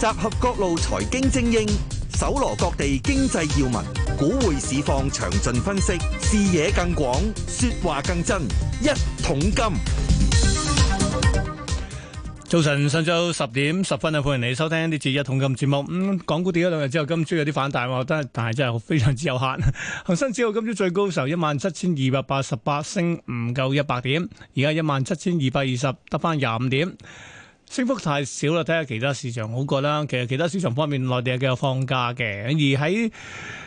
集合各路財經精英，搜羅各地經濟要聞，股匯市況詳盡分析，視野更廣，說話更真。一桶金，早晨，上晝十點十分啊！歡迎你收聽呢節一桶金節目。咁港股跌咗兩日之後，今朝有啲反彈，我覺得但係真係非常之有限。恒生指數今朝最高嘅時候一萬七千二百八十八，17, 8, 升唔夠一百點，而家一萬七千二百二十，得翻廿五點。升幅太少啦，睇下其他市場好過啦。其實其他市場方面，內地又繼續放假嘅，而喺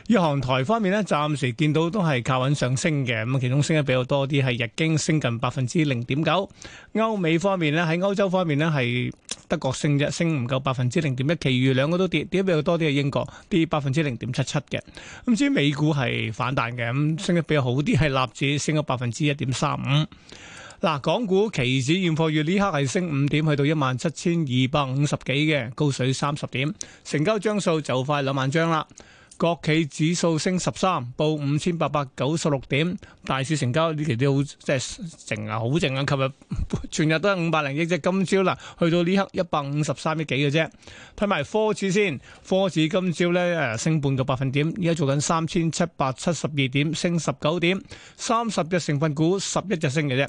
日韓台方面呢暫時見到都係靠穩上升嘅。咁其中升得比較多啲係日經升近百分之零點九，歐美方面呢喺歐洲方面呢係德國升咗升唔夠百分之零點一，其餘兩個都跌，跌得比較多啲係英國跌百分之零點七七嘅。咁至於美股係反彈嘅，咁升得比較好啲係納指升咗百分之一點三五。嗱，港股期指現貨月呢刻係升五點，去到一萬七千二百五十幾嘅高水三十點，成交張數就快兩萬張啦。國企指數升十三，報五千八百九十六點。大市成交呢期都好，即係靜啊，好靜啊！琴日 全日都係五百零億，即係今朝嗱，去到呢刻一百五十三億幾嘅啫。睇埋科指先，科指今朝咧誒升半個百分點，而家做緊三千七百七十二點，升十九點，三十隻成分股十一隻升嘅啫。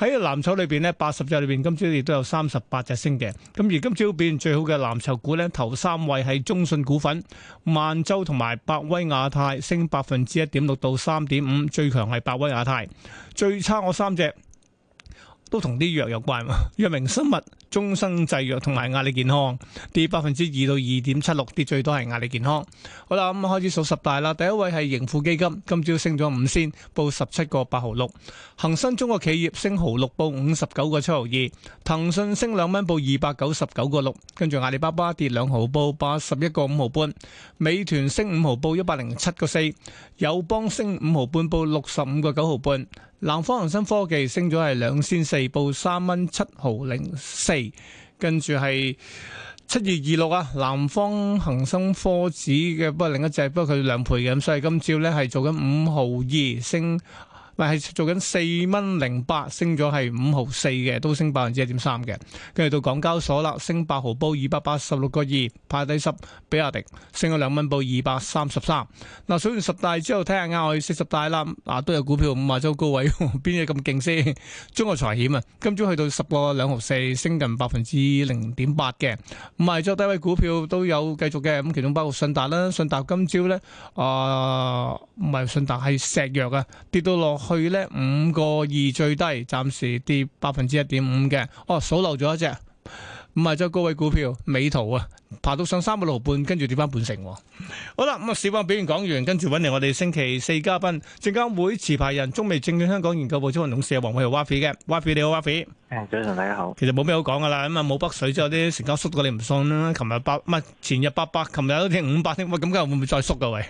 喺藍籌裏邊呢，八十隻裏邊今朝亦都有三十八隻升嘅。咁而今朝變最好嘅藍籌股呢，頭三位係中信股份、萬洲同埋。百威亞太升百分之一點六到三點五，最強係百威亞太，最差我三隻都同啲藥有關，藥明生物。眾生製藥同埋壓力健康跌百分之二到二點七六，跌最多係壓力健康。好啦，咁開始數十大啦。第一位係盈富基金，今朝升咗五仙，報十七個八毫六。恒生中國企業升毫六，報五十九個七毫二。騰訊升兩蚊，報二百九十九個六。跟住阿里巴巴跌兩毫，報八十一個五毫半。美團升五毫，報一百零七個四。友邦升五毫半，報六十五個九毫半。南方恒生科技升咗係兩仙四，報三蚊七毫零四。跟住係七月二六啊，南方恒生科指嘅，不過另一隻，不過佢兩倍嘅，咁所以今朝咧係做緊五毫二升。咪係做緊四蚊零八，升咗係五毫四嘅，都升百分之一點三嘅。跟住到港交所啦，升八毫，報二百八十六個二，排第十，比亞迪升咗兩蚊，報二百三十三。嗱，數完十大之後，睇下啱去四十大啦，啊都有股票五廿周高位，邊嘢咁勁先？中國財險啊，今朝去到十個兩毫四，升近百分之零點八嘅。五廿周低位股票都有繼續嘅，咁其中包括信達啦，信達今朝咧啊唔係信達係石藥啊，跌到落去呢，五個二最低，暫時跌百分之一點五嘅。哦，數漏咗一隻，唔係，即係高位股票美圖啊，爬到上三個六半，跟住跌翻半成。好啦，咁、嗯、啊，市況表現講完，跟住搵嚟我哋星期四嘉賓，證監會持牌人、中美證券香港研究部總董事黃偉華斐嘅。華斐你好，華斐。誒，早晨大家好。其實冇咩好講噶啦，咁啊冇北水之後啲成交縮到你唔信啦。琴日八，唔係前日八百，琴日都跌五百點，咁今日會唔會再縮噶喂？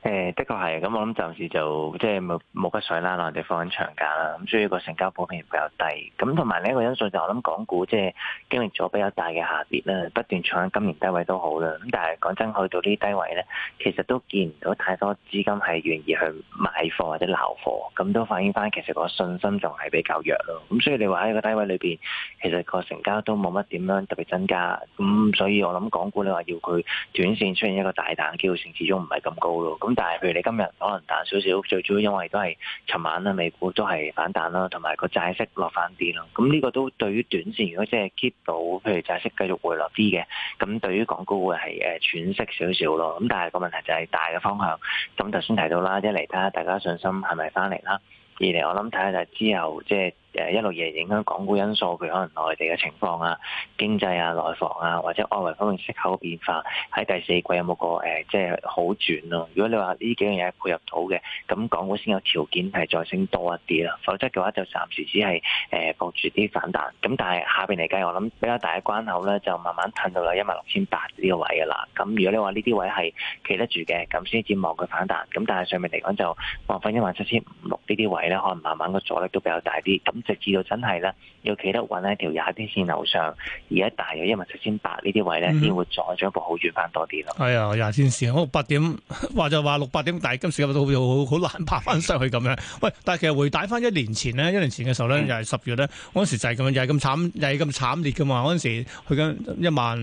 誒，的確係，咁我諗暫時就即係冇冇乜水啦，啊，我哋放緊長假啦，咁所以個成交普遍比較低。咁同埋另一個因素就我諗港股即係經歷咗比較大嘅下跌啦，不斷創喺今年低位都好啦。咁但係講真去到呢低位呢，其實都見唔到太多資金係願意去買貨或者撈貨，咁都反映翻其實個信心仲係比較弱咯。咁所以你話喺個低位裏邊，其實個成交都冇乜點樣特別增加。咁所以我諗港股你話要佢短線出現一個大彈嘅機會性始終唔係咁高咯。咁但係，譬如你今日可能彈少少，最主要因為都係尋晚啦，美股都係反彈啦，同埋個債息落翻啲咯。咁呢個都對於短線，如果即係 keep 到，譬如債息繼續回落啲嘅，咁對於港股會係誒喘息少少咯。咁但係個問題就係大嘅方向，咁頭先提到啦，一嚟睇下大家信心係咪翻嚟啦，二嚟我諗睇下就係之後即係。誒一路嘢影響港股因素，譬如可能內地嘅情況啊、經濟啊、內房啊，或者外圍方面息口嘅變化，喺第四季有冇個誒、呃、即係好轉咯、啊？如果你話呢幾樣嘢配合到嘅，咁港股先有條件係再升多一啲啦。否則嘅話就暫時只係誒博住啲反彈。咁但係下邊嚟計，我諗比較大嘅關口咧就慢慢褪到嚟一萬六千八呢個位嘅啦。咁如果你話呢啲位係企得住嘅，咁先至望佢反彈。咁但係上面嚟講就望翻一萬七千五六呢啲位咧，可能慢慢個阻力都比較大啲。直至到真係咧，要企得穩喺條廿天線樓上，而家大約一萬七千八呢啲位咧先、嗯、會再一個好轉翻多啲咯。係啊、哎，廿天線我八點話就話六八點，但係今時今日都好好，好，好難爬翻上去咁樣。喂，但係其實回帶翻一年前咧，一年前嘅時候咧，嗯、又係十月咧，嗰陣時就係咁樣，又係咁慘，又係咁慘烈嘅嘛。嗰陣時去緊一萬，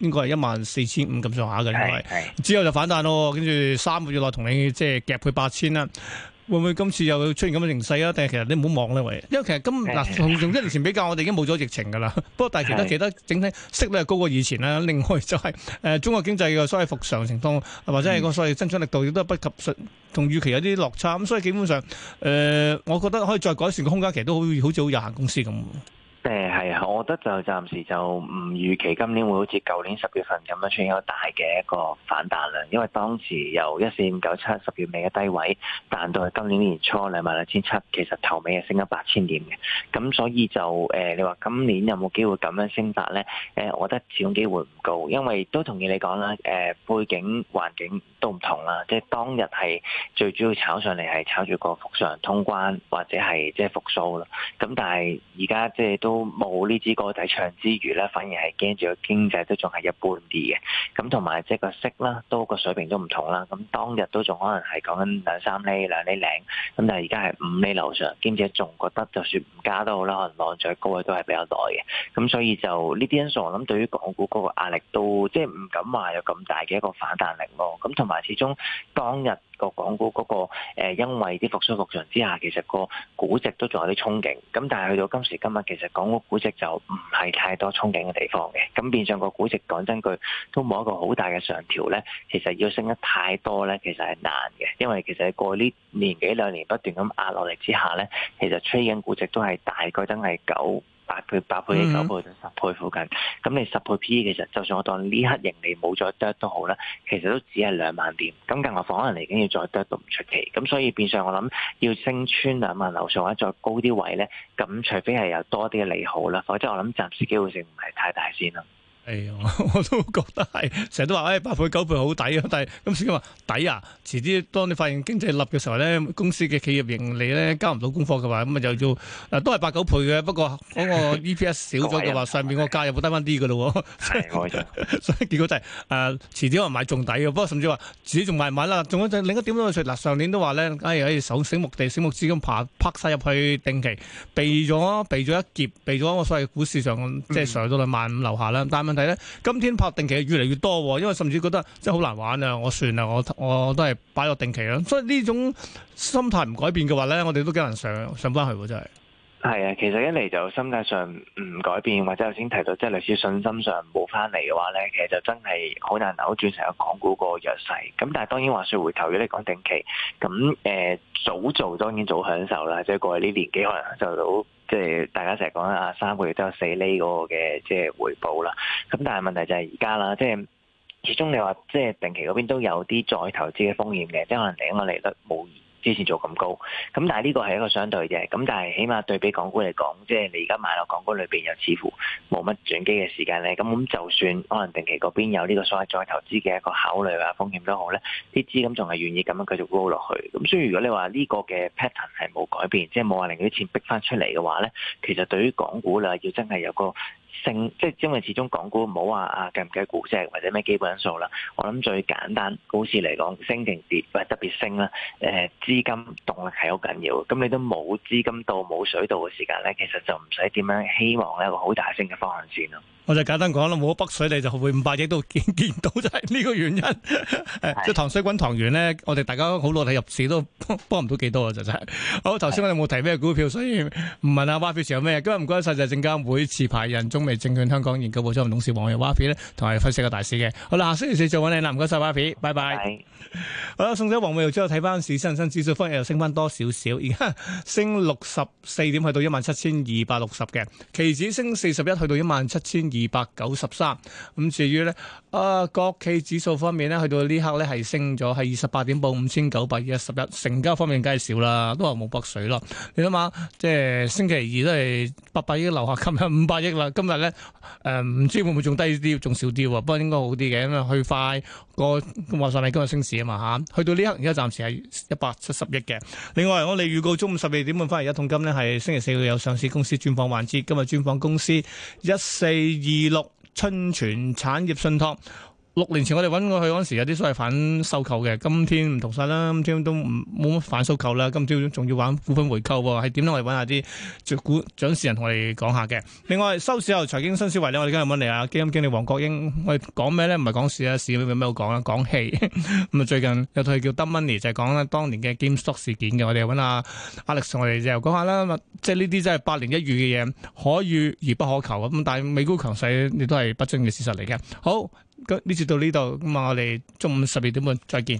應該係一萬四千五咁上下嘅呢個位。之後就反彈喎，跟住三個月內同你即係夾佢八千啦。會唔會今次又出現咁嘅形勢啊？定係其實你唔好望呢為，因為其實今嗱同一年前比較，我哋已經冇咗疫情噶啦。不過但係其他 其他整體息率係高過以前啦。另外就係、是、誒、呃，中國經濟嘅所謂復常情況，或者係個所謂增長力度亦都係不及同預期有啲落差。咁所以基本上誒、呃，我覺得可以再改善個空間其實都好好似好有限公司咁。即係係啊，我覺得就暫時就唔預期今年會好似舊年十月份咁樣出現一個大嘅一個反彈啦。因為當時由一四五九七十月尾嘅低位彈到去今年年初兩萬兩千七，2, 27, 其實頭尾係升咗八千點嘅。咁所以就誒、呃，你話今年有冇機會咁樣升法咧？誒、呃，我覺得始終機會唔高，因為都同意你講啦。誒、呃，背景環境都唔同啦。即係當日係最主要炒上嚟係炒住個復常通關或者係即係復甦啦。咁但係而家即係都。都冇呢支歌仔唱之餘咧，反而係驚住個經濟都仲係一般啲嘅，咁同埋即係個息啦，多個水平都唔同啦，咁當日都仲可能係講緊兩三厘、兩厘零，咁但係而家係五厘樓上，兼且仲覺得就算唔加都好啦，可能浪漲高嘅都係比較耐嘅，咁所以就呢啲因素，我諗對於港股嗰個壓力都即係唔敢話有咁大嘅一個反彈力咯，咁同埋始終當日。個港股嗰個誒因為啲復甦復常之下，其實個估值都仲有啲憧憬。咁但係去到今時今日，其實港股估值就唔係太多憧憬嘅地方嘅。咁變相個估值講真句，都冇一個好大嘅上調咧。其實要升得太多咧，其實係難嘅，因為其實過呢年幾兩年不斷咁壓落嚟之下咧，其實推緊估值都係大概都係九。八倍、八倍、九倍到十倍附近，咁你十倍 P/E 其實，就算我當呢刻盈利冇再跌都好啦，其實都只係兩萬點。咁更何況可能嚟緊要再跌都唔出奇，咁所以變相我諗要升穿兩萬樓上或者再高啲位咧，咁除非係有多啲嘅利好啦，否則我諗暫時機會性唔係太大先啦。係、哎，我都覺得係，成日都話，誒、哎，八倍九倍好抵啊！但係今次咁話抵啊，遲啲當你發現經濟立嘅時候咧，公司嘅企業盈利咧，交唔到功課嘅話，咁啊就要，啊都係八九倍嘅，不過嗰個 E P S 少咗嘅話，上面個價又會低翻啲嘅咯，成所以結果就係，誒、嗯，遲啲可能買仲抵嘅，不過甚至話自己仲買唔買啦，仲有就另一點都要說，嗱、嗯，上年都話咧，哎、嗯，可手醒目地醒目資金，拍晒入去定期，避咗避咗一劫，避咗我所謂股市上，即係上到兩萬五樓下啦，睇咧，今天拍定期越嚟越多，因為甚至覺得真係好難玩啊！我算啦，我我都係擺落定期啦。所以呢種心態唔改變嘅話咧，我哋都幾難上上返去，真係。係啊，其實一嚟就心態上唔改變，或者頭先提到即係類似信心上冇翻嚟嘅話咧，其實就真係好難扭轉成個港股個弱勢。咁但係當然話説回頭，如果你講定期，咁誒、呃、早做當然早享受啦。即係過去呢年幾可能享受到即係大家成日講啊三個月都有四厘嗰個嘅即係回報啦。咁但係問題就係而家啦，即係始終你話即係定期嗰邊都有啲再投資嘅風險嘅，即係可能第一個利率冇。之前做咁高，咁但係呢個係一個相對嘅，咁但係起碼對比港股嚟講，即係你而家買落港股裏邊又似乎冇乜轉機嘅時間咧，咁咁就算可能定期嗰邊有呢個所謂再投資嘅一個考慮啊風險都好咧，啲資金仲係願意咁樣繼續 roll 落去，咁所以如果你話呢個嘅 pattern 係冇改變，即係冇話令啲錢逼翻出嚟嘅話咧，其實對於港股啦，要真係有個。升即係因為始終港股唔好話啊計唔計股息或者咩基本因素啦。我諗最簡單股市嚟講升定跌，或係特別升啦。誒資金動力係好緊要。咁你都冇資金到冇水到嘅時間咧，其實就唔使點樣希望一個好大升嘅方向線咯。我就簡單講啦，冇北水你就會五百億都見見到，就係、是、呢個原因。即係塘水滾塘魚咧，我哋大家好耐睇入市都幫唔到幾多啊！就係、是、 好頭先我哋冇提咩股票，所以唔問啊巴菲特有咩。今日唔該曬就係證監會持牌人，人中。係證券香港研究部總監董事王日蛙咧，同埋分析個大市嘅。好啦，下星期四再揾你，唔該晒蛙皮，拜拜。拜拜好啦，送走王日蛙皮，我睇翻市恒生指數，今日又升翻多少少，而家升六十四點，去到一萬七千二百六十嘅。期指升四十一，去到一萬七千二百九十三。咁至於呢，啊、呃，國企指數方面呢，去到呢刻呢係升咗，係二十八點，報五千九百一十一。成交方面梗係少啦，都係冇北水咯。你諗下，即係星期二都係八百億留下今日，今日五百億啦，今日。咧，誒唔知會唔會仲低啲，仲少啲喎，不過應該好啲嘅，因為去快個話晒你今日升市啊嘛嚇，去到呢刻而家暫時係一百七十億嘅。另外，我哋預告中午十二點半翻嚟一桶金呢，係星期四會有上市公司專訪環節，今日專訪公司一四二六春泉產業信託。六年前我哋揾過去嗰時有啲所謂反收購嘅，今天唔同晒啦，今天都唔冇乜反收購啦。今朝仲要玩股份回購喎，係點我哋揾下啲股掌事人同我哋講下嘅。另外收市後財經新思維呢，我哋今日揾你啊基金經理黃國英，我哋講咩咧？唔係講市啊，市會咩？會有講啊？講氣咁啊！ 最近有套叫《Dumb Money》，就係講咧當年嘅 GameStop 事件嘅。我哋揾阿 Alex，我哋就又講下啦。即係呢啲真係百年一遇嘅嘢，可遇而不可求咁。但係美股強勢，亦都係不爭嘅事實嚟嘅。好。呢次到呢度，咁啊，我哋中午十二點半再見。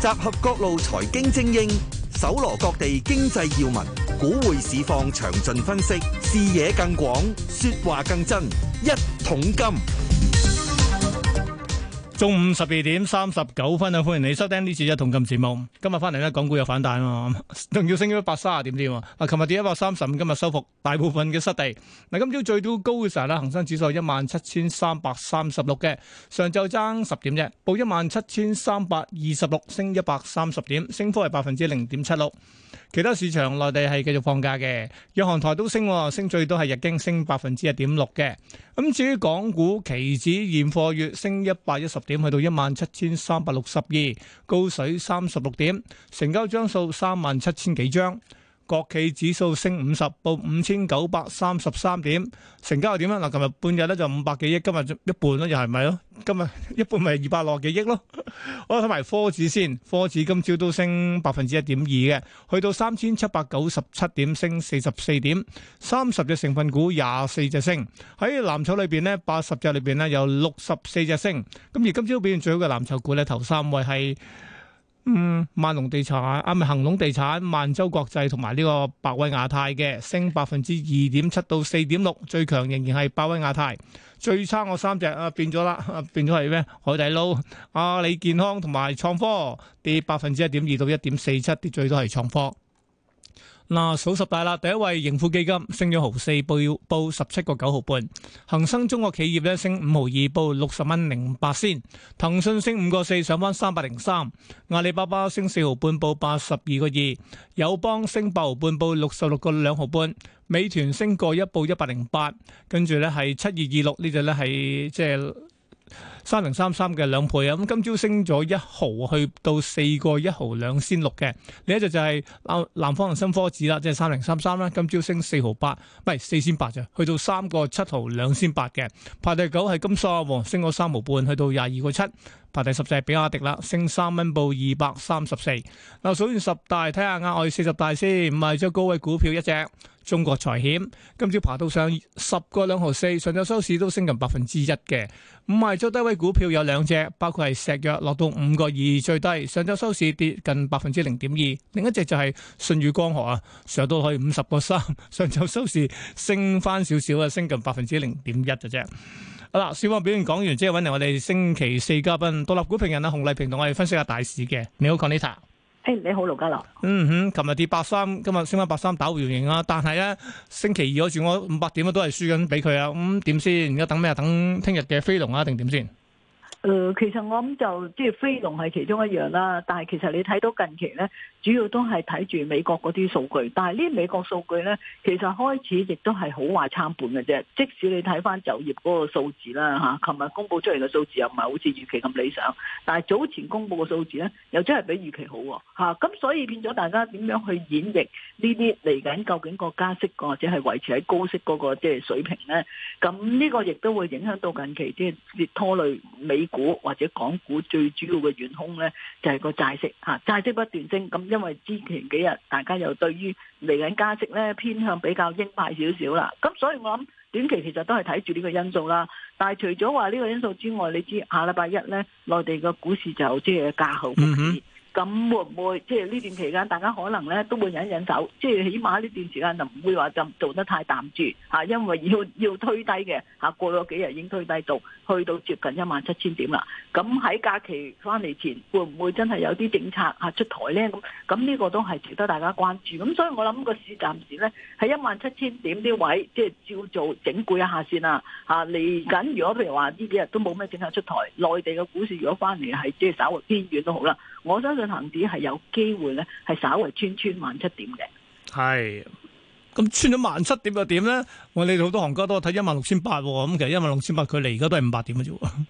集合各路財經精英，搜羅各地經濟要聞，股匯市況，詳盡分析，視野更廣，說話更真，一桶金。中午十二點三十九分啊！歡迎你收聽呢次一桶金節目。今日翻嚟咧，港股又反彈啊，仲要升咗一百三十點添啊！啊，琴日跌一百三十五，今日收復大部分嘅失地。嗱，今朝最高嘅時候咧，恒生指數一萬七千三百三十六嘅，上晝爭十點啫，報一萬七千三百二十六，升一百三十點，升幅係百分之零點七六。其他市場內地係繼續放假嘅，日韓台都升，升最多係日經升百分之一點六嘅。咁至於港股期指現貨月升一百一十。點去到一萬七千三百六十二，高水三十六點，成交張數三萬七千幾張。國企指數升五十，報五千九百三十三點，成交又點咧？嗱，琴日半日咧就五百幾億，今日一半咯，又係咪咯？今日一半咪二百六十幾億咯。 我睇埋科指先，科指今朝都升百分之一點二嘅，去到三千七百九十七點，升四十四點，三十隻成分股廿四隻升。喺藍籌裏邊呢，八十隻裏邊呢有六十四隻升。咁而今朝表現最好嘅藍籌股呢，頭三位係。嗯，萬隆地產啊，咪恒隆地產、萬洲國際同埋呢個百威亞太嘅升百分之二點七到四點六，最強仍然係百威亞太，最差我三隻啊變咗啦，變咗係咩？海底撈、啊、阿里健康同埋創科跌百分之一點二到一點四七，跌最多係創科。嗱，數十大啦，第一位盈富基金升咗毫四，報報十七個九毫半；恒生中國企業咧升五毫二，報六十蚊零八仙；騰訊升五個四，上翻三百零三；阿里巴巴升四毫半，報八十二個二；友邦升八毫半，報六十六個兩毫半；美團升過一，報一百零八；跟住咧係七二二六呢隻咧係即係。三零三三嘅兩倍啊！咁今朝升咗一毫，去到四個一、就是、毫兩先六嘅。另一隻就係南南方恒生科指啦，即係三零三三啦，今朝升四毫八，唔係四千八咋，去到三個七毫兩先八嘅。排第九係金沙王，升咗三毫半，去到廿二個七。排第十就比亞迪啦，升三蚊報二百三十四。嗱，數完十大，睇下額外四十大先，唔係將高位股票一隻。中國財險今朝爬到上十個兩毫四，上晝收市都升近百分之一嘅。唔係最低位股票有兩隻，包括係石藥，落到五個二最低，上晝收市跌近百分之零點二。另一隻就係信宇光學，啊，上到去五十個三，上晝收市升翻少少啊，升近百分之零點一嘅啫。好啦，小王表現講完，即係搵嚟我哋星期四嘉賓獨立股評人啊，洪麗萍同我哋分析下大市嘅。你好，Conita。誒，hey, 你好盧家樂，嗯哼，琴日跌百三，今日升翻百三打回原形啊！但係咧，星期二我住我五百點都係輸緊俾佢啊！咁點先？而家等咩啊？等聽日嘅飛龍啊，定點先？誒、呃，其實我諗就即係、就是、非農係其中一樣啦。但係其實你睇到近期咧，主要都係睇住美國嗰啲數據。但係呢美國數據咧，其實開始亦都係好壞參半嘅啫。即使你睇翻就業嗰個數字啦，嚇、啊，琴日公布出嚟嘅數字又唔係好似預期咁理想。但係早前公布嘅數字咧，又真係比預期好喎、啊。咁、啊、所以變咗大家點樣去演繹呢啲嚟緊究竟個加息或者係維持喺高息嗰個即係水平咧？咁呢個亦都會影響到近期即係、就是、拖累美。股或者港股最主要嘅元凶呢，就係、是、個債息吓，債、啊、息不斷升，咁、啊、因為之前幾日大家又對於嚟緊加息呢，偏向比較鷹派少少啦，咁所以我諗短期其實都係睇住呢個因素啦。但係除咗話呢個因素之外，你知下禮拜一呢，內地嘅股市就即係、就是、加好。嗯咁會唔會即係呢段期間，大家可能咧都會忍一忍手，即係起碼呢段時間就唔會話就做得太淡住嚇、啊，因為要要推低嘅嚇、啊、過咗幾日已經推低到去到接近一萬七千點啦。咁喺假期翻嚟前，會唔會真係有啲政策嚇、啊、出台咧？咁咁呢個都係值得大家關注。咁所以我諗個市暫時咧喺一萬七千點啲位，即係照做整固一下先啦。嚇嚟緊，如果譬如話呢幾日都冇咩政策出台，內地嘅股市如果翻嚟係即係稍微偏軟都好啦。我相信恒指係有機會咧，係稍為穿穿萬七點嘅。係，咁、嗯、穿咗萬七點又點咧？我哋好多行家都睇一萬六千八喎，咁、嗯、其實一萬六千八距離而家都係五百點嘅啫。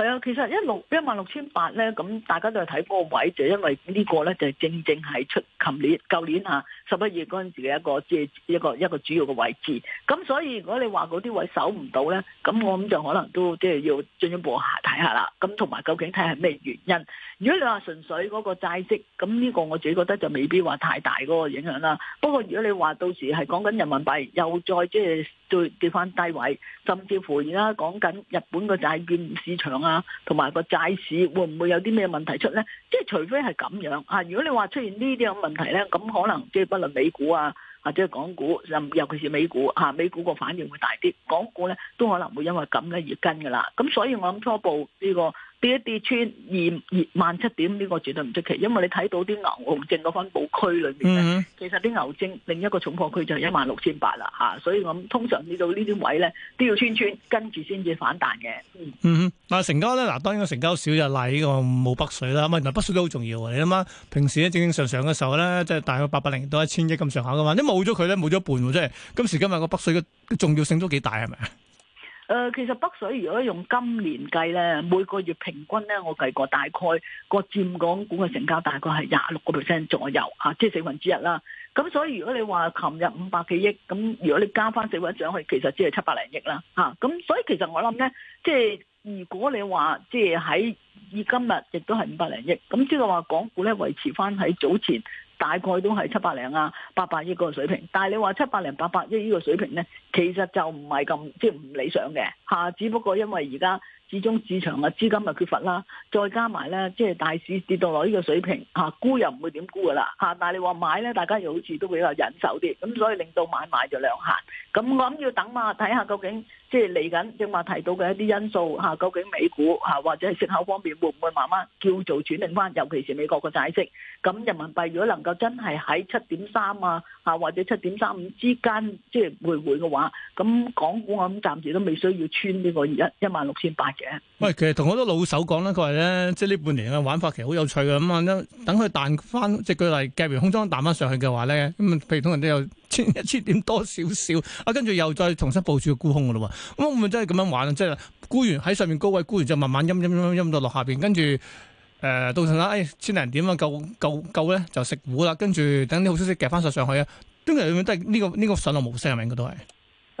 係啊，其實一六一萬六千八咧，咁大家都係睇嗰個位，就因為呢個咧就正正係出琴年舊年啊，十一月嗰陣時嘅一個即係一個一個主要嘅位置。咁所以如果你話嗰啲位守唔到咧，咁我諗就可能都即係要進一步下睇下啦。咁同埋究竟睇係咩原因？如果你話純粹嗰個債息，咁呢個我自己覺得就未必話太大嗰個影響啦。不過如果你話到時係講緊人民幣又再即係，對跌翻低位，甚至乎而家講緊日本個債券市場啊，同埋個債市會唔會有啲咩問題出呢？即係除非係咁樣嚇，如果你話出現呢啲咁問題呢，咁可能即係不論美股啊，或者港股，尤其是美股嚇，美股個反應會大啲，港股呢都可能會因為咁嘅而跟㗎喇。咁所以我諗初步呢個。跌一跌穿二二萬七點，呢個絕對唔出奇，因為你睇到啲牛熊證嗰分佈區裏面、嗯、哼其實啲牛證另一個重貨區就係一萬六千八啦，嚇，所以我通常你到呢啲位，咧都要穿穿跟住先至反彈嘅。嗯嗯，嗱成交咧，嗱當然成交少就呢個冇北水啦，咁啊，嗱北水都好重要，你諗下，平時咧正正常常嘅時候咧，即係大概八百零到一千億咁上下噶嘛，一冇咗佢咧冇咗一半，即係今時今日個北水嘅重要性都幾大係咪啊？誒、呃，其實北水如果用今年計咧，每個月平均咧，我計過大概個佔港股嘅成交大概係廿六個 percent 左右嚇、啊，即四分之一啦。咁所以如果你話琴日五百幾億，咁如果你加翻四分之一去，其實只係七百零億啦。嚇、啊，咁所以其實我諗咧，即係如果你話即係喺以今日亦都係五百零億，咁即係話港股咧維持翻喺早前。大概都係七百零啊，八百億個水平，但係你話七百零、八百億呢個水平呢，其實就唔係咁，即係唔理想嘅嚇，只不過因為而家。始終市場啊資金咪缺乏啦，再加埋咧，即係大市跌到落呢個水平嚇，沽又唔會點沽噶啦嚇，但係你話買咧，大家又好似都比較忍受啲，咁所以令到買賣就兩限。咁我諗要等嘛，睇下究竟即係嚟緊正話提到嘅一啲因素嚇，究竟美股嚇或者係息口方面會唔會慢慢叫做轉定翻，尤其是美國個債息。咁人民幣如果能夠真係喺七點三啊嚇或者七點三五之間即係徘徊嘅話，咁港股我諗暫時都未需要穿呢個一一萬六千八。喂，其實同好多老手講啦，佢話咧，即係呢半年嘅玩法其實好有趣嘅，咁、嗯、啊等佢彈翻，即係舉例夾完空中彈翻上去嘅話咧，咁啊譬如同人哋有千一千點多少少啊，跟住又再重新部署沽空嘅咯喎，咁會唔會真係咁樣玩啊？即係沽完喺上面高位沽完就慢慢陰陰陰陰到落下邊，跟住誒到時啦，誒、哎、千零點啊夠夠夠咧就食糊啦，跟住等啲好消息夾翻晒上去啊，今日都係呢、這個呢、這個上落模式係咪？應該都係。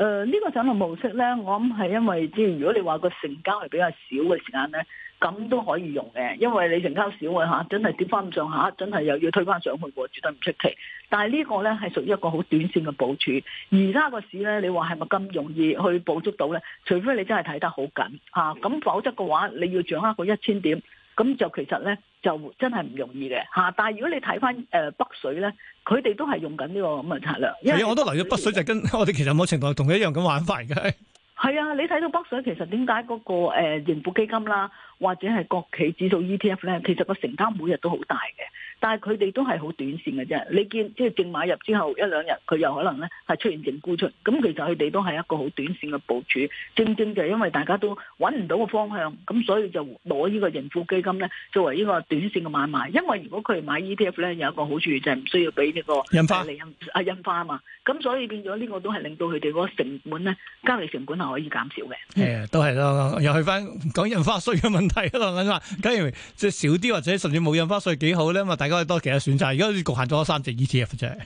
誒呢、呃這個整個模式咧，我諗係因為即係如果你話個成交係比較少嘅時間咧，咁都可以用嘅，因為你成交少嘅嚇，真係跌翻咁上下，真係又要推翻上去喎，絕對唔出奇。但係呢個咧係屬於一個好短線嘅部署。而家個市咧，你話係咪咁容易去捕捉到咧？除非你真係睇得好緊嚇，咁、啊、否則嘅話，你要掌握個一千點。咁就其實咧就真係唔容易嘅嚇、啊，但係如果你睇翻誒北水咧，佢哋都係用緊呢個咁嘅策略。係啊，我都留意北水就跟我哋其實某程度係同佢一樣咁玩法嘅。 係啊，你睇到北水，其實點解嗰個誒盈富基金啦，或者係國企指數 ETF 咧，其實個成交每日都好大嘅，但係佢哋都係好短線嘅啫。你見即係、就是、淨買入之後一兩日，佢又可能咧係出現淨沽出，咁其實佢哋都係一個好短線嘅部署。正正就係因為大家都揾唔到個方向，咁所以就攞呢個盈富基金咧作為呢個短線嘅買賣。因為如果佢買 ETF 咧，有一個好處就係唔需要俾呢個印花利啊印花嘛，咁所以變咗呢個都係令到佢哋嗰個成本咧交易成本可以減少嘅，誒，都係咯，又去翻講印花稅嘅問題啊嘛，梗係即係少啲或者甚至冇印花稅幾好咧，因為大家可以多其他選擇。而家局限咗三隻 ETF 啫。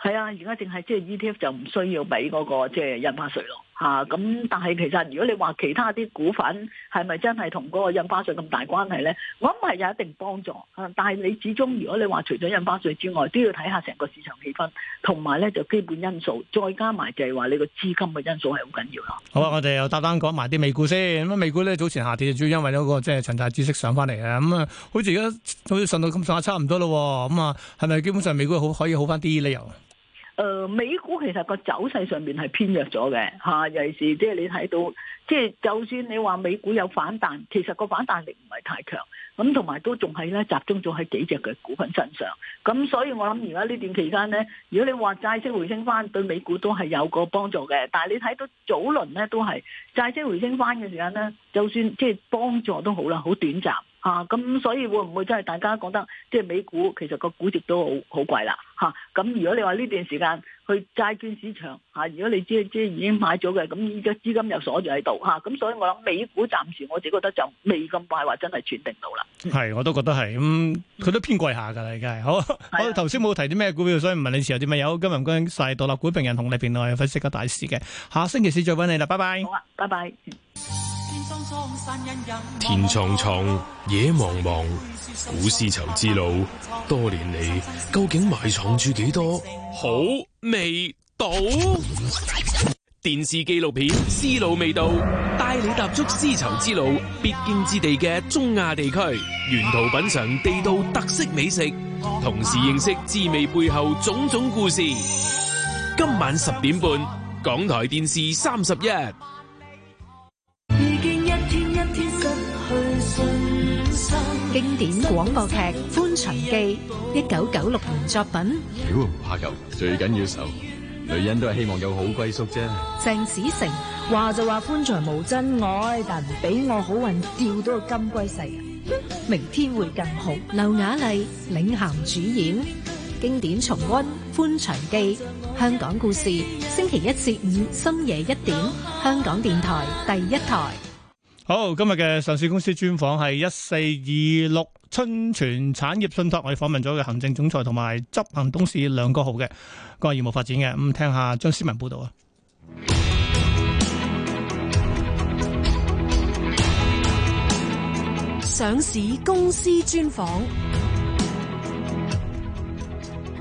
係啊，而家淨係即係 E T F 就唔需要俾嗰、那個即係、就是、印花稅咯，吓、啊、咁。但係其實如果你話其他啲股份係咪真係同嗰個印花稅咁大關係咧？我諗係有一定幫助，啊、但係你始終如果你話除咗印花稅之外，都要睇下成個市場氣氛，同埋咧就基本因素，再加埋就係話你個資金嘅因素係好緊要咯。好啊，我哋又搭單講埋啲美股先。咁啊，美股咧早前下跌主要因為嗰個即係陳大知識上翻嚟啊。咁、嗯、啊，好似而家好似上到咁上下差唔多咯，咁啊，係咪基本上美股好可以好翻啲理由？誒、呃，美股其實個走勢上面係偏弱咗嘅嚇，尤其是即係你睇到，即、就、係、是、就算你話美股有反彈，其實個反彈力唔係太強，咁同埋都仲係咧集中咗喺幾隻嘅股份身上，咁所以我諗而家呢段期間咧，如果你話債息回升返，對美股都係有個幫助嘅，但係你睇到早輪咧都係債息回升返嘅時間咧，就算即係幫助都好啦，好短暫。啊，咁所以會唔會真係大家覺得即係美股其實個估值都好好貴啦？吓，咁如果你話呢段時間去債券市場，吓，如果你即係即係已經買咗嘅，咁依家資金又鎖住喺度，吓，咁所以我諗美股暫時我自己覺得就未咁快話真係轉定到啦。係，我都覺得係，咁佢都偏貴下噶啦，而家係。好，我頭先冇提啲咩股票，所以唔問你持有啲乜有。今日唔該晒獨立股評人洪立平同你分析個大市嘅。下星期四再揾你啦，拜拜。好啊，拜拜。天蒼蒼，野茫茫，古絲綢之路多年嚟究竟埋藏住幾多好味道？電視紀錄片《絲路味道》帶你踏足絲綢之路必經之地嘅中亞地區，沿途品嘗地道特色美食，同時認識滋味背後種種故事。今晚十點半，港台電視三十一。經典廣播劇《歡場記》，一九九六年作品。屌，唔怕舊，最緊要守，女人都係希望有好歸宿啫。鄭子誠話就話：歡場無真愛，但唔俾我好運釣到個金龜婿，明天會更好。劉雅麗領銜主演，經典重温《歡場記》，香港故事，星期一至五深夜一點，香港電台第一台。好，今日嘅上市公司專訪係一四二六春泉產業信託，我哋訪問咗嘅行政總裁同埋執行董事梁國豪嘅個業務發展嘅，咁聽下張思文報道啊。上市公司專訪。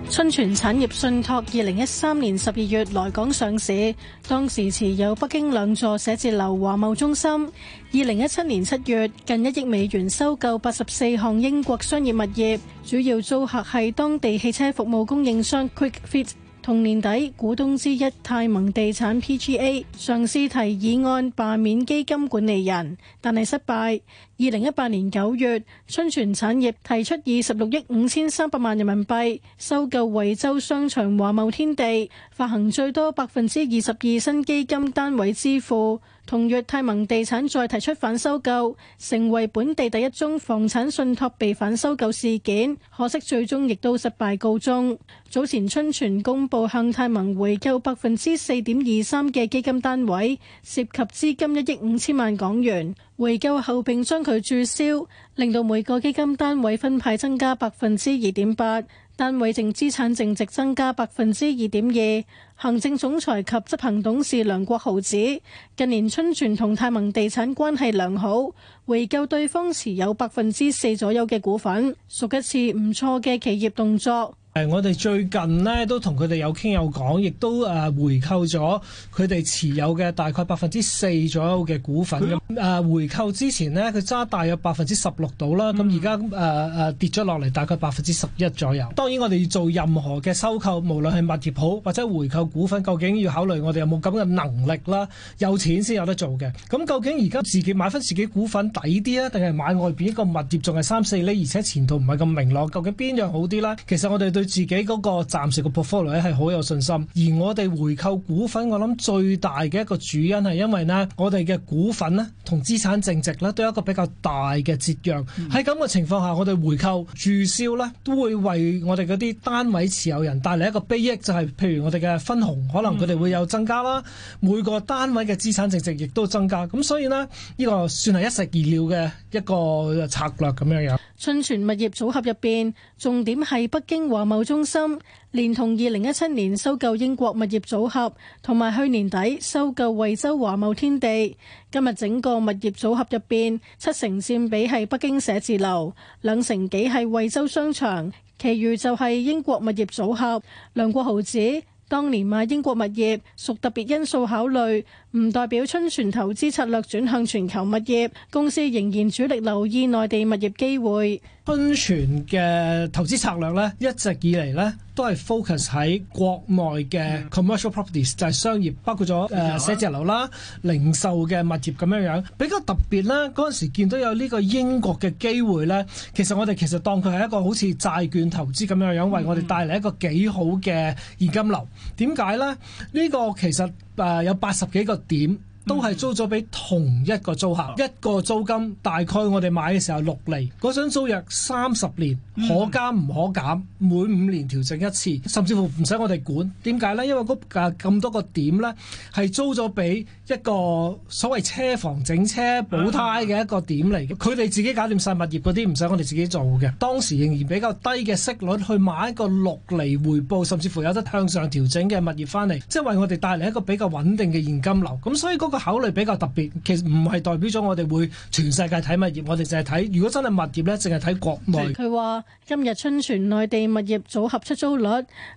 春泉產業信託二零一三年十二月來港上市，當時持有北京兩座寫字樓華貿中心。二零一七年七月，近一億美元收購八十四項英國商業物業，主要租客係當地汽車服務供應商 Quickfit。同年底，股東之一泰盟地產 PGA 嘗試提議案罷免基金管理人，但係失敗。二零一八年九月，春泉產業提出二十六億五千三百萬人民幣收購惠州商場華貿天地，發行最多百分之二十二新基金單位支付。同月，泰盟地產再提出反收購，成為本地第一宗房產信託被反收購事件。可惜最終亦都失敗告終。早前春泉公布向泰盟回購百分之四點二三嘅基金單位，涉及資金一億五千萬港元。回購後並將佢註銷，令到每個基金單位分派增加百分之二點八，單位淨資產淨值增加百分之二點二。行政總裁及執行董事梁國豪指，近年春泉同泰盟地產關係良好，回購對方持有百分之四左右嘅股份，屬一次唔錯嘅企業動作。誒，我哋最近呢都同佢哋有傾有講，亦都誒、呃、回購咗佢哋持有嘅大概百分之四左右嘅股份嘅。誒、 呃、回購之前呢，佢揸大約百分之十六度啦。咁而家誒誒跌咗落嚟，大概百分之十一左右。當然，我哋要做任何嘅收購，無論係物業好或者回購股份，究竟要考慮我哋有冇咁嘅能力啦，有錢先有得做嘅。咁究竟而家自己買翻自己股份抵啲啊，定係買外邊一個物業仲係三四厘，而且前途唔係咁明朗，究竟邊樣好啲啦？其實我哋對自己嗰個暫時個 portfolio 係好有信心，而我哋回購股份，我諗最大嘅一個主因係因為呢，我哋嘅股份咧同資產淨值咧都有一個比較大嘅折讓。喺咁嘅情況下，我哋回購註銷咧都會為我哋嗰啲單位持有人帶嚟一個裨益，就係譬如我哋嘅分紅可能佢哋會有增加啦，每個單位嘅資產淨值亦都增加。咁所以呢，呢個算係一石二鳥嘅一個策略咁樣樣。春泉物業組合入邊，重點係北京華貿中心，連同二零一七年收購英國物業組合，同埋去年底收購惠州華貿天地。今日整個物業組合入邊，七成占比係北京寫字樓，兩成幾係惠州商場，其餘就係英國物業組合。梁國豪指。當年買英國物業屬特別因素考慮，唔代表春泉投資策略轉向全球物業。公司仍然主力留意內地物業機會。坤泉嘅投資策略呢，一直以嚟呢都係 focus 喺國內嘅 commercial properties，就係商業，包括咗誒、呃、寫字樓啦、零售嘅物業咁樣樣。比較特別呢，嗰陣時見到有呢個英國嘅機會呢，其實我哋其實當佢係一個好似債券投資咁樣樣，為我哋帶嚟一個幾好嘅現金流。點解呢？呢、這個其實誒、呃、有八十幾個點。都係租咗俾同一個租客，啊、一個租金大概我哋買嘅時候六厘，嗰張租約三十年，嗯、可加唔可減，每五年調整一次，甚至乎唔使我哋管。點解咧？因為嗰個價咁多個點咧，係租咗俾一個所謂車房整車補胎嘅一個點嚟嘅，佢哋，嗯、自己搞掂晒物業嗰啲，唔使我哋自己做嘅。當時仍然比較低嘅息率去買一個六厘回報，甚至乎有得向上調整嘅物業翻嚟，即係為我哋帶嚟一個比較穩定嘅現金流。咁所以嗰、嗰個考慮比較特別，其實唔係代表咗我哋會全世界睇物業，我哋淨係睇如果真係物業呢，淨係睇國內。佢話今日春泉內地物業組合出租率，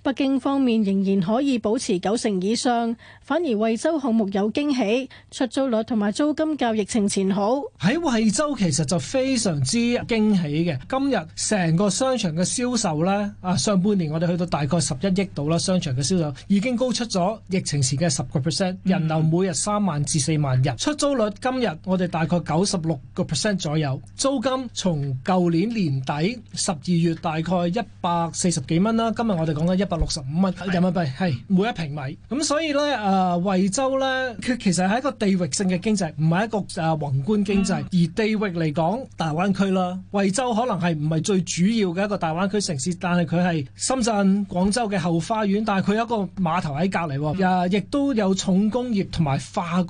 北京方面仍然可以保持九成以上，反而惠州項目有驚喜，出租率同埋租金較疫情前好。喺惠州其實就非常之驚喜嘅，今日成個商場嘅銷售呢，啊、上半年我哋去到大概十一億度啦，商場嘅銷售已經高出咗疫情前嘅十個 percent，人流每日三萬。至四萬人，出租率今日我哋大概九十六個 percent 左右，租金從舊年年底十二月大概一百四十幾蚊啦，今日我哋講緊一百六十五蚊人民幣，係是每一平米。咁所以呢，誒、呃、惠州呢，佢其實係一個地域性嘅經濟，唔係一個誒、啊、宏觀經濟。嗯、而地域嚟講，大灣區啦，惠州可能係唔係最主要嘅一個大灣區城市，但係佢係深圳、廣州嘅後花園，但係佢有一個碼頭喺隔離，又亦、嗯、都有重工業同埋化工。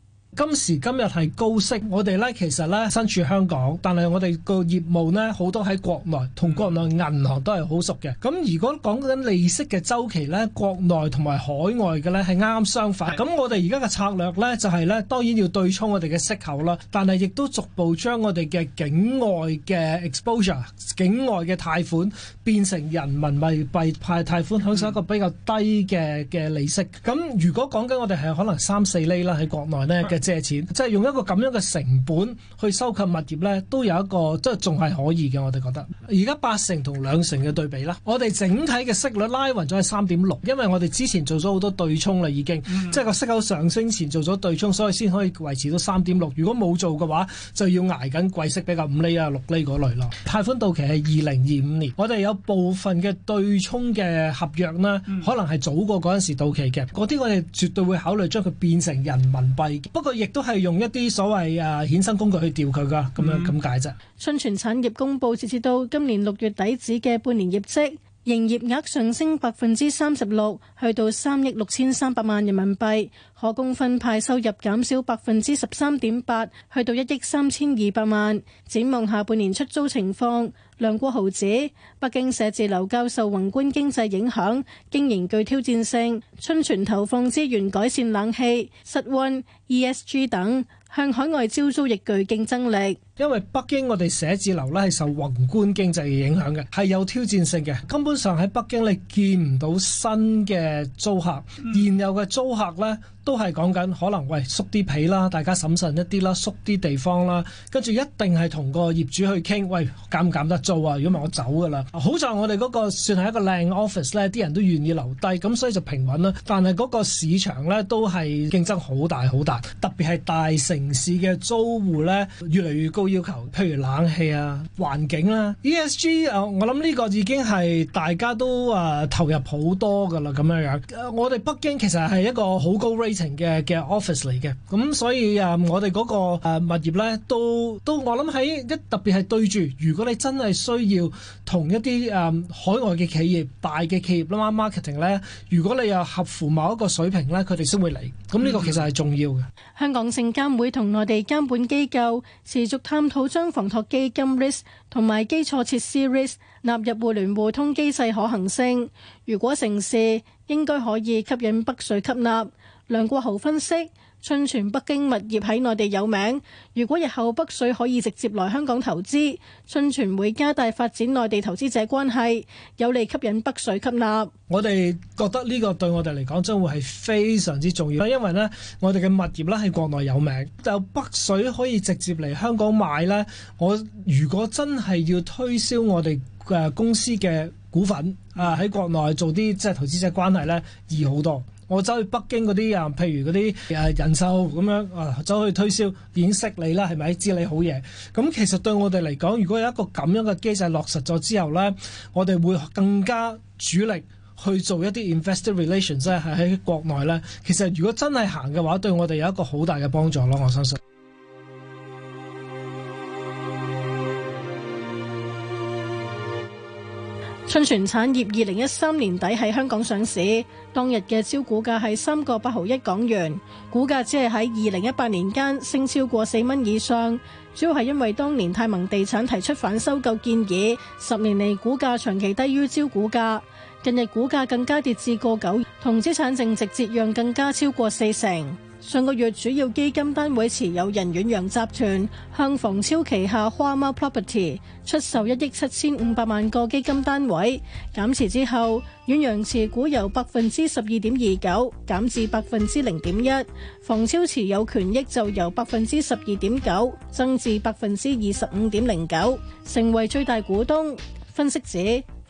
今時今日係高息，我哋呢其實呢身處香港，但係我哋個業務呢好多喺國內，同國內銀行都係好熟嘅。咁如果講緊利息嘅周期呢，國內同埋海外嘅呢係啱啱相反。咁的我哋而家嘅策略呢就係、是、呢，當然要對沖我哋嘅息口啦，但係亦都逐步將我哋嘅境外嘅 exposure、境外嘅貸款變成人民幣幣派貸款，享受、嗯、一個比較低嘅嘅利息。咁如果講緊我哋係可能三四厘啦喺國內呢。嘅、嗯。借錢即係用一個咁樣嘅成本去收購物業呢都有一個即係仲係可以嘅。我哋覺得而家八成同兩成嘅對比啦，我哋整體嘅息率拉勻咗係三點六，因為我哋之前做咗好多對沖啦，已經、嗯、即係個息口上升前做咗對沖，所以先可以維持到三點六。如果冇做嘅話，就要挨緊貴息，比較五厘啊、六厘嗰類咯。貸款到期係二零二五年，我哋有部分嘅對沖嘅合約啦，可能係早過嗰陣時到期嘅，嗰啲我哋絕對會考慮將佢變成人民幣，不過。亦都係用一啲所謂誒、呃、衍生工具去調佢噶，咁、嗯、樣咁解啫。信全產業公佈截至到今年六月底止嘅半年業績。營業額上升百分之三十六，去到三億六千三百萬人民幣。可供分派收入減少百分之十三點八，去到一億三千二百萬。展望下半年出租情況，梁國豪指北京寫字樓較受宏觀經濟影響，經營具挑戰性。春泉投放資源改善冷氣、室溫、ESG 等。向海外招租亦具競爭力，因為北京我哋寫字樓咧係受宏觀經濟嘅影響嘅，係有挑戰性嘅。根本上喺北京你見唔到新嘅租客，現有嘅租客咧。都係講緊可能喂縮啲被啦，大家審慎一啲啦，縮啲地方啦，跟住一定係同個業主去傾，喂減唔減得租啊？如果唔係我走㗎啦，啊，好在我哋嗰個算係一個靚 office 咧，啲人都願意留低，咁所以就平穩啦。但係嗰個市場咧都係競爭好大好大，特別係大城市嘅租戶咧越嚟越高要求，譬如冷氣啊、環境啦、啊、ESG 啊，我諗呢個已經係大家都啊投入好多㗎啦咁樣樣、啊。我哋北京其實係一個好高 rate, 事情嘅嘅 office 嚟嘅，咁所以啊，我哋嗰個誒物業咧，都都我諗喺一特別係對住。如果你真係需要同一啲誒海外嘅企業大嘅企業啦 marketing 咧，如果你又合乎某一個水平咧，佢哋先會嚟。咁呢個其實係重要嘅。香港證監會同內地監管機構持續探討將房託基金 REITs 同埋基礎設施 REITs 納入互聯互通機制可行性。如果成事，應該可以吸引北水吸納。梁國豪分析：春泉北京物業喺內地有名，如果日後北水可以直接來香港投資，春泉會加大發展內地投資者關係，有利吸引北水吸納。我哋覺得呢個對我哋嚟講，真會係非常之重要。因為呢，我哋嘅物業咧喺國內有名，就北水可以直接嚟香港買呢，我如果真係要推銷我哋嘅公司嘅股份啊，喺國內做啲即係投資者關係呢易好多。我走去北京嗰啲啊，譬如嗰啲啊人壽咁樣啊，走去推銷，已經識你啦，係咪？知你好嘢。咁其實對我哋嚟講，如果有一個咁樣嘅機制落實咗之後咧，我哋會更加主力去做一啲 investor relations 係喺國內咧。其實如果真係行嘅話，對我哋有一個好大嘅幫助咯，我相信。春泉產業二零一三年底喺香港上市，當日嘅招股價係三個八毫一港元，股價只係喺二零一八年間升超過四蚊以上，主要係因為當年泰盟地產提出反收購建議，十年嚟，股價長期低於招股價，近日股價更加跌至過九，同資產淨值折讓更加超過四成。上個月主要基金單位持有人遠洋集團向房超旗下花貓 Property 出售一億七千五百萬個基金單位，減持之後，遠洋持股由百分之十二點二九減至百分之零點一，房超持有權益就由百分之十二點九增至百分之二十五點零九，成為最大股東。分析指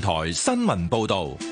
台新聞報導。